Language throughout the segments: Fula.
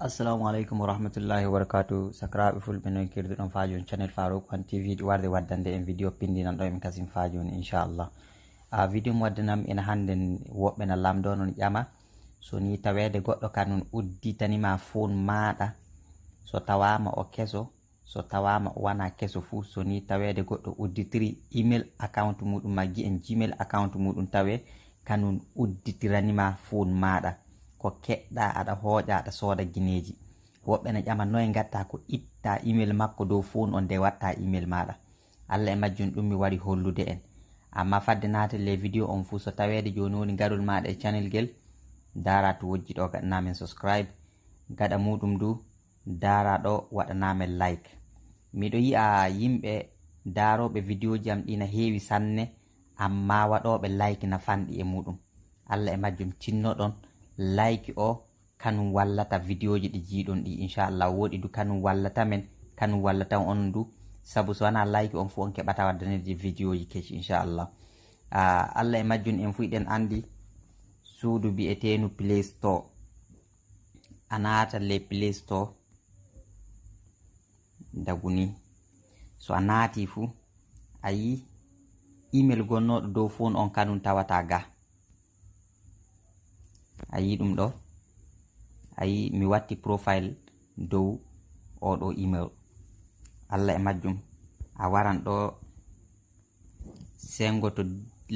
assalamu aleykum wa rahmatullahi wa barakatu sakraɓe fulɓe noon kirduɗon fa joni channel farouk on tv ɗi warde waddande en vidéo pindinan ɗo emin kasim fa joni inchallah uh, vidéo mo waddanam ina hannde woɓɓe na lamdo noon ƴama so ni tawede goɗɗo kanon udditanima fon maɗa so tawama o keso so tawama o wana keso fuu so ni tawede goɗɗo udditiri email account muɗum maggi en gmail account muɗum tawe kanon udditiranima fon maɗa ko keɗɗa aɗa hooƴa aɗa sooda gineeji woɓɓe ne ƴama noye gatta ko itta email makko dow fon on nde watta email maɗa allah e majjum ɗum mi wari hollude en amma fadde natelle vidéo on fuu so taweede joni woni gaɗol maɗa e channel gel dara to wojji ɗo gaɗanamen subscribe gaɗa muɗum du dara ɗo waɗanamen like miɗo yi'a yimɓe daroɓe vidéo ji am ɗina heewi sanne amma waɗoɓe like na fanɗi e muɗum allah e majjum tinno ɗon like o kanum wallata vidioji ɗi jiiɗon ɗi inchallah woɗi du kanum wallata men kanum wallata on du saabu so wana like on fu on keɓata waddanede vidioji keci inchallah uh, ah, allah e majjun en fu iɗen andi suudu mbi'etenu play store a naata le play store daguni so a naati fu a yi email gonnoɗo dow fon on kanum tawata ga a yi ɗum ɗo ayi mi watti profile dow oɗo email allah e majjum a waran ɗo sengo to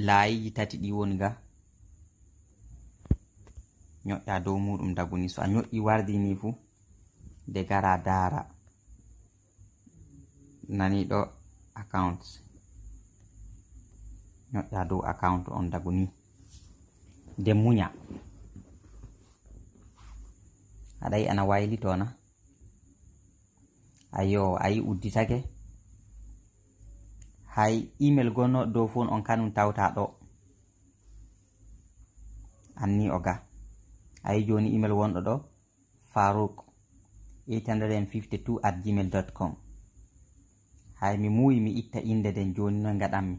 laayiji tati ɗi woni ga ño'a dow muɗum daguni so a ño'i wardi ni fu de gara daara nani ɗo account ño'a dow account on daguni de muña aɗa yi ana waylitona ayo ayi udditake hay email gonno dow fon on kanum tawta ɗo anni o ga ayi joni email wonɗo ɗo farouk 852 at gmail dot com hay mi muyi mi itta inde den joni noy gaɗanmi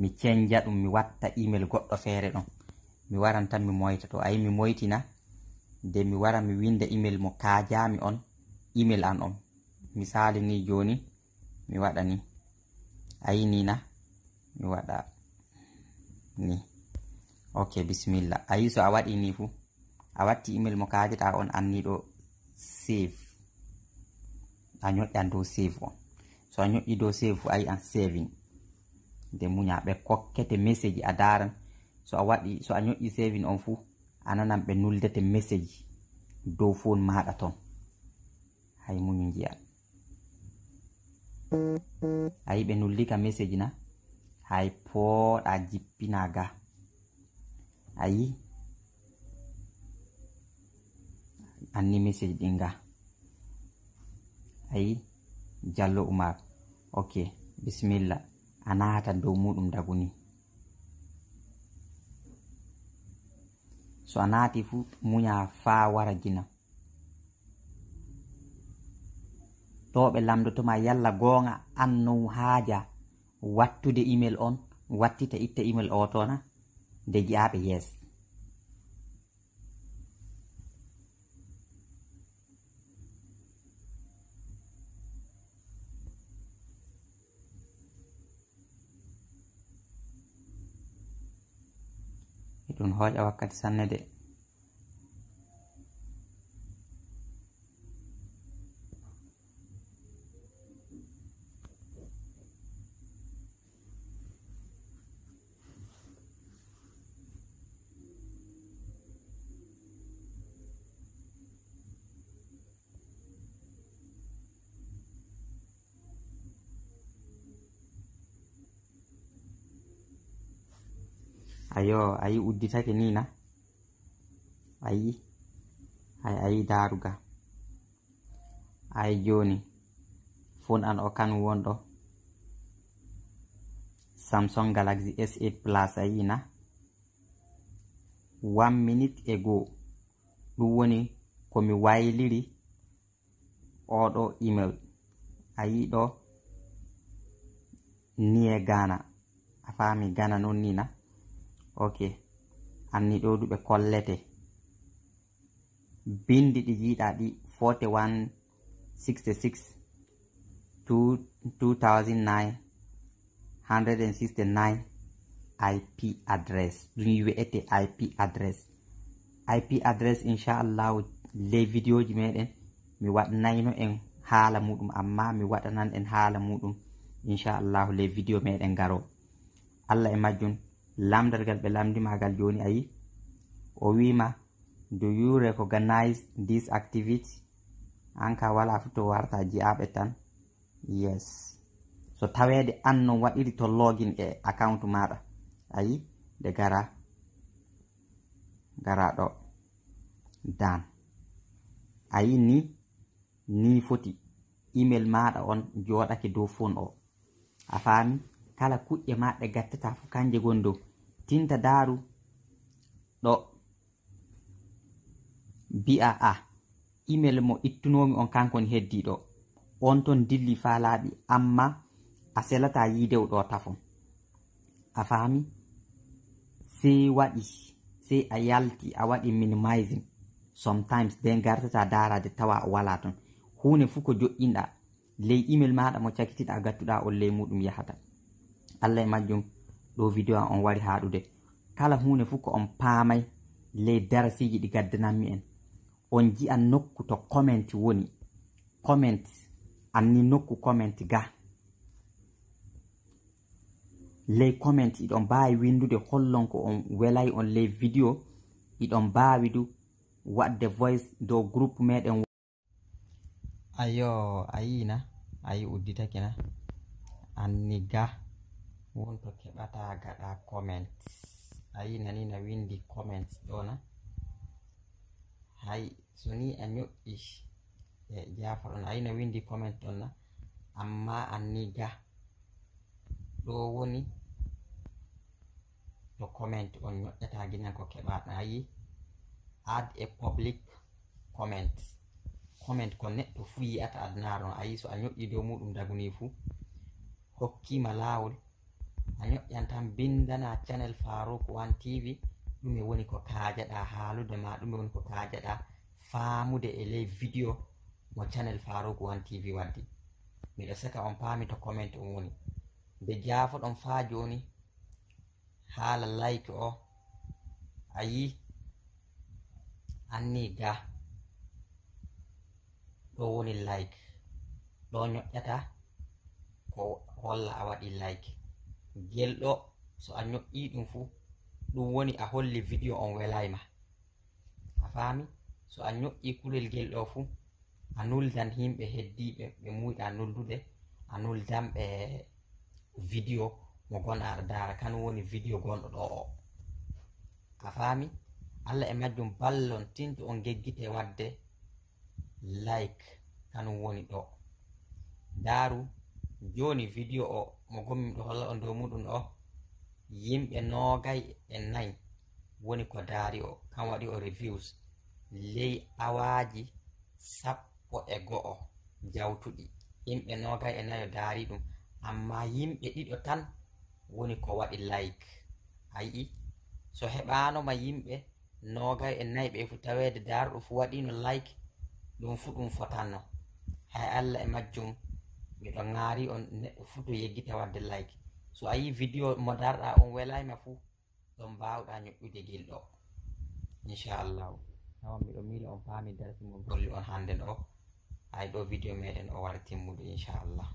mi cenja ɗum mi watta email goɗɗo feere ɗon mi waran tan mi moyta to ayi mi moytina nde mi wara mi winda email mo kajami on email an on misali ni joni mi waɗa ni ayi ni na mi waɗa ni ok bisimilla ayi so a waɗi ni fu a watti email mo kajata on anniɗo save a ñoƴƴan dow save on so a ñoƴƴi dow save fu ayi an savin nde muña ɓe kokkete message a daran so a waɗi so a ñoƴƴi savin on fuu ananan ɓe noldete message dow fon maɗa ton hay muñu jiya ayi ɓe noldika message na hay pooɗa jippina ga ayi anni message ɗin ga ayi diallo umar ok bisimilla anahata dow muɗum dagu ni so a naati fu muña faa wara jina ɗo ɓe lamdotoma yalla goonga an non haaja wattude email on wattita itta email o toona nde jiyaɓe yeese h a w a i awak k a t s a n a e de ayo ayi udditake ni na ayi ay ayi daruga ay joni fon an okan wondo samsung galaxy s8 plus ayi na one minute ago ɗum woni komi wayliri oɗo email ayi ɗo niye gana a fami gana non ni na ok anni ɗo ɗuɓe kollete bindi ɗi jiɗa ɗi 4166 2009169 ip address ɗum wi'ete ip address ip address inchallahu ley videoji meɗen mi waɗnayno en haala muɗum amma mi waɗanan en haala muɗum inchallahu ley video meɗen garo allah e majjum lamdargal ɓe lamdimagal joni ayi o wima do you recognize this activity anka wala fu to warta ji'aɓe tan yes so tawede an no waɗiri to login e account maɗa ayi de gara gara ɗo dan ayi ni ni foti email maɗa on joɗake dow fon o a fami kala kuƴƴe maɗe gatteta fu kanje gon dow tinta daaru ɗo bi'a a email mo ittunomi on kankoni heddiɗo on ton dilli fa laaɓi amma a selata yidewɗo tafon a faami sei waɗi sei a yalti a waɗi minimising sometimes nden gartata darade tawa a wala ton hunde fuu ko joƴƴinɗa ley email maɗa mo cakitiɗa gattuɗa on ley muɗum yahata allah e majjum ɗo video a on wari haɗude kala hunde fuu ko on paamay ley darasiji ɗi gaddananmi en on ji'a nokku to comment woni comment anni nokku comment ga ley comment iɗon mbawi windude hollon ko on welay on ley video iɗon mbawi du wadde voice dow groupe meɗen ayo a yina ayi udditakina anni ga wonto keɓata gaɗa comment ayi nani na windi comment ɗona hay so ni a ño'i e jafaɗon ayi na windi comment ɗonna amma anni ga ɗo woni to comment on ño'ata ginan ko keɓa ayi ad a public comment comment ko neɗɗo fu yi'ata adnaro ayi so a ño'i dow muɗum daguni fu hokkima lawol a ñoƴƴan tan bindana channel farouk on tv ɗum e woni ko kajaɗa haalude ma ɗum e woni ko kajaɗa faamude e ley video mo channel farouk on tv waddi miɗo saka on paami to comment on woni nde jaafoɗon faa joni haala like o a yi anni ga ɗo woni like ɗo ñoƴƴata ko holla a waɗi like gelɗo so a ño'i ɗum fu ɗum woni a holli vidio on welayma a fami so a ño'i kurel gelɗo fu a nuldan himɓe heddiɓe ɓe muyɗa nuldude a nuldanɓe vidio mo gona aɗa dara kanum woni vidio gonɗo ɗo o a fami allah e majjum ballon tinto on geggite wadde like kanum woni ɗo daru joni video o mo gomi miɗo holla o dow muɗum o yimɓe nogay e nayi woni ko daari o kam waɗi o reviews ley awaji sappo e go'o jawtuɗi yimɓe nogay e nayi o daari ɗum amma yimɓe ɗiɗo tan woni ko waɗi like a yi'i so heɓanoma yimɓe nogay e nayi ɓe fu tawede daaruɗo fu waɗino like ɗum fu ɗum fotanno hay allah e majjum miɗo ngaari on neɗɗo fuu to yeggita wadde like so a yii vidéo mo darɗa on welayma fuu ɗon mbawɗa ñoƴƴude gilɗo inchallahu tawa miɗo miila on paami darsi mo golli on hannde ɗo hay ɗo vidéo meɗen o wara timmude inchallah